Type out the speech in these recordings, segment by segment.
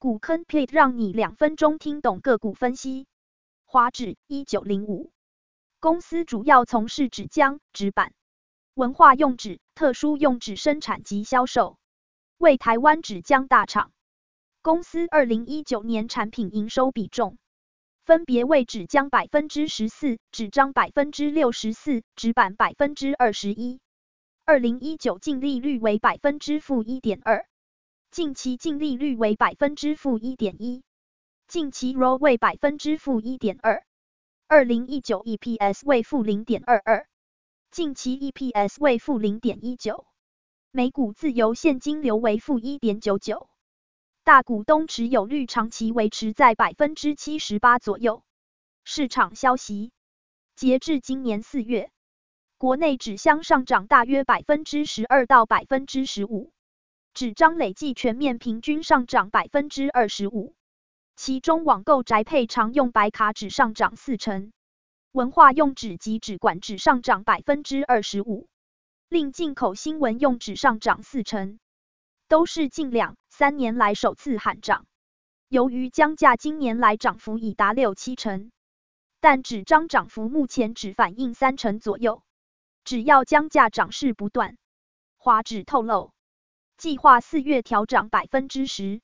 股坑 plate 讓你兩分鐘聽懂個股分析。華紙一九零五公司主要從事紙漿、紙板、文化用紙、特殊用紙生產及銷售，為台灣紙漿大廠。公司二零一九年產品營收比重分別為紙漿百分之十四、紙張百分之六十四、紙板百分之二十一。二零一九淨利率為百分之負一點二。近期淨利率為百分之負一點一，近期 ROE 為百分之負一點二，二零一九 EPS 為負零點二二，近期 EPS 為負零點一九，每股自由現金流為負一點九九，大股東持有率長期維持在百分之七十八左右。市場消息：截至今年四月，國內紙箱上漲大約百分之十二到百分之十五。紙張累計全面平均上漲百分之二十五，其中網購宅配常用白卡紙上漲四成，文化用紙及紙管紙上漲百分之二十五，另進口新聞用紙上漲四成，都是近兩三年來首次喊漲。由於漿價，今年來漲幅已達六七成，但紙張漲幅目前只反映三成左右，只要漿價漲勢不斷，華紙透露，計劃四月調漲百分之十，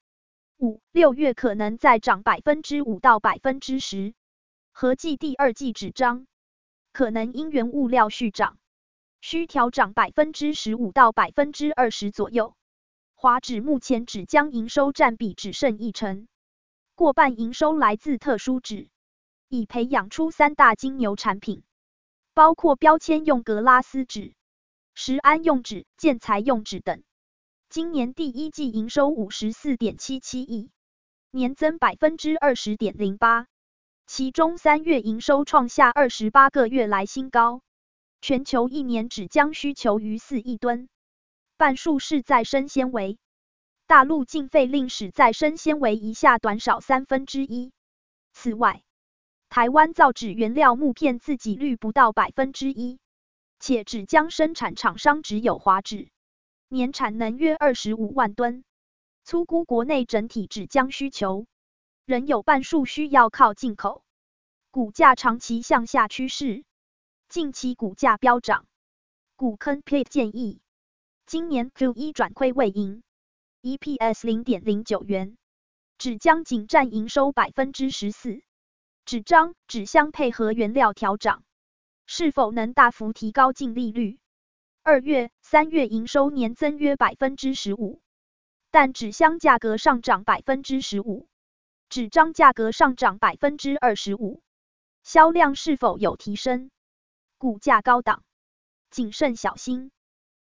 五六月可能再漲百分之五到百分之十，合計第二季紙張，可能因原物料續漲，需調漲百分之十五到百分之二十左右。華紙目前紙漿營收占比只剩一成，過半營收來自特殊紙，已培養出三大金牛產品，包括標籤用格拉絲紙、食安用紙、建材用紙等。今年第一季營收五十四點七七億，年增百分之二十點零八。其中三月營收創下二十八個月來新高。全球一年紙漿需求逾四億噸，半數是再生纖維。大陸禁廢令使再生纖維一下短少三分之一。此外，台灣造紙原料木片自給率不到百分之一，且紙漿生產廠商只有華紙。年產能約二十五萬噸，粗估國內整體紙漿需求仍有半數需要靠進口。股價長期向下趨勢，近期股價飆漲。股坑 Pete 建議，今年 Q1 -e、轉虧為盈，EPS 零點零九元，紙漿僅佔營收百分之十四。紙張、紙箱配合原料調漲，是否能大幅提高淨利率？二月、三月營收年增約百分之十五，但紙箱價格上漲百分之十五，紙張價格上漲百分之二十五，銷量是否有提升？股價高檔，謹慎小心。